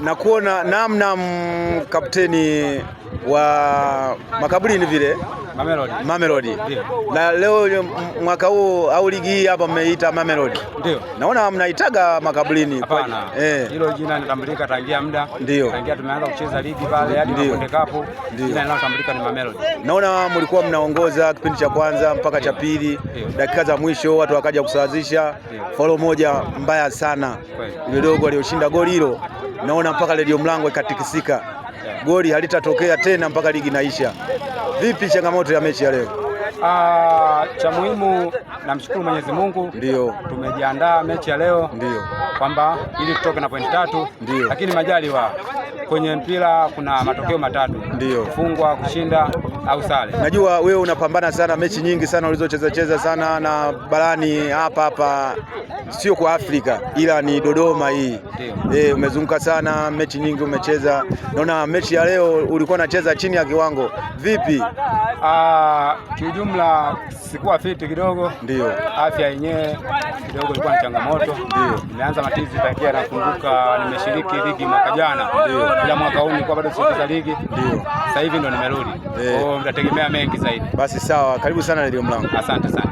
na kuona namna kapteni wa makaburini vile Mamelodi, Mamelodi. Na leo mwaka huu au ligi hii hapa mmeita Mamelodi, ndio naona mnaitaga makaburini. Hapana, eh. hilo eh, jina linatambulika tangia muda, ndio tangia tumeanza kucheza ligi pale hadi Konde Cup, jina linalotambulika ni Mamelodi. Naona mlikuwa mnaongoza kipindi cha kwanza mpaka cha pili, dakika za mwisho watu wakaja kusawazisha, faulo moja mbaya sana, ile dogo aliyoshinda goli hilo naona tumeona mpaka redio mlango ikatikisika, goli halitatokea tena mpaka ligi naisha. Vipi changamoto ya mechi ya leo? Ah, cha muhimu namshukuru Mwenyezi Mungu, ndio tumejiandaa mechi ya leo, ndio kwamba ili tutoke na pointi tatu, ndio lakini majaliwa kwenye mpira kuna matokeo matatu, ndio kufungwa, kushinda au sare. Najua wewe unapambana sana mechi nyingi sana ulizocheza cheza sana na barani hapa hapa, sio kwa Afrika ila ni Dodoma hii e, umezunguka sana mechi nyingi umecheza. Naona mechi ya leo ulikuwa unacheza chini ya kiwango vipi? Ah, kiujumla sikuwa fiti kidogo, ndio afya yenyewe kidogo ilikuwa ni changamoto. Nimeanza matizi tangia nakumbuka, nimeshiriki ligi mwaka jana, ila mwaka huu nilikuwa bado sikuza ligi, sasa hivi ndo nimerudi. Eh mtategemea mengi zaidi. Basi sawa, karibu sana redio Mlango. Asante sana.